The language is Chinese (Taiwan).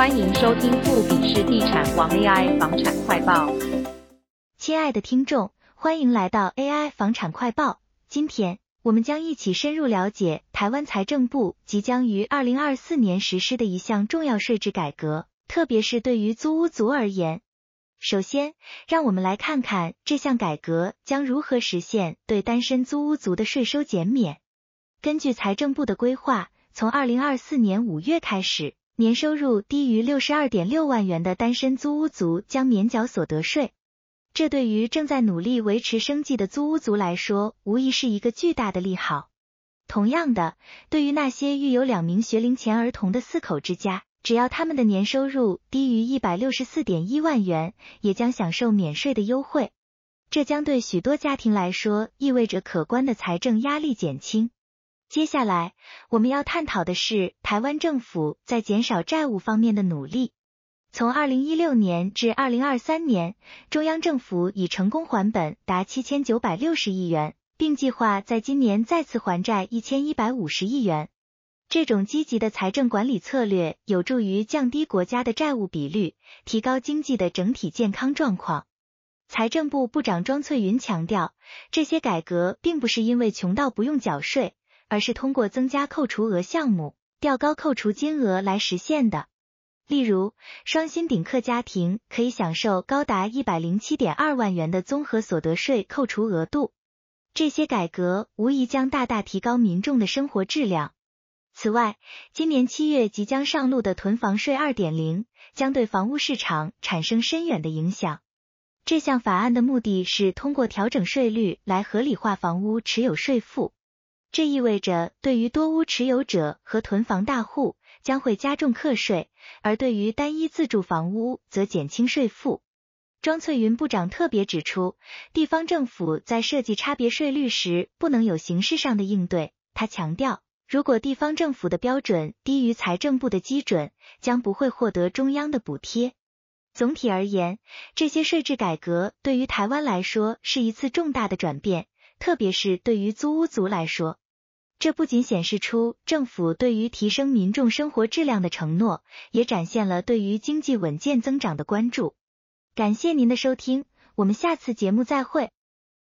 歡迎收聽富比士地產王 AI 房產快報。親愛的聽眾，歡迎來到 AI 房產快報。今天，我們將一起深入了解台灣財政部即將於二零二四年實施的一項重要稅制改革，特別是對於租屋族而言。首先，讓我們來看看這項改革將如何實現對單身租屋族的稅收減免。根據財政部的規劃，從二零二四年五月開始，年收入低於六十二點六萬元的單身租屋族將免繳所得稅，這對於正在努力維持生計的租屋族來說，無疑是一個巨大的利好。同樣的，對於那些育有兩名學齡前兒童的四口之家，只要他們的年收入低於一百六十四點一萬元，也將享受免稅的優惠。這將對許多家庭來說意味着可觀的財政壓力減輕。接下來我們要探討的是台灣政府在減少債務方面的努力。從二零一六年至二零二三年，中央政府已成功還本達七千九百六十億元，並計劃在今年再次還債一千一百五十億元。這種積極的財政管理策略有助於降低國家的債務比率，提高經濟的整體健康狀況。財政部部長莊翠雲強調，這些改革並不是因為窮到不用繳稅。而是通過增加扣除額項目、調高扣除金額來實現的。例如，雙薪頂客家庭可以享受高達一百零七點二萬元的綜合所得稅扣除額度。這些改革無疑將大大提高民眾的生活質量。此外，今年七月即將上路的囤房稅二點零將對房屋市場產生深遠的影響。這項法案的目的是通過調整稅率來合理化房屋持有稅負。這意味着，對於多屋持有者和囤房大戶，將會加重課稅；而對於單一自住房屋，則減輕稅負。莊翠雲部長特別指出，地方政府在設計差別稅率時，不能有形式上的應對。他強調，如果地方政府的標準低於財政部的基準，將不會獲得中央的補貼。總體而言，這些稅制改革對於台灣來說是一次重大的轉變。特別是對於租屋族來說，這不僅顯示出政府對於提升民眾生活質量的承諾，也展現了對於經濟穩健增長的關注。感謝您的收聽，我們下次節目再會。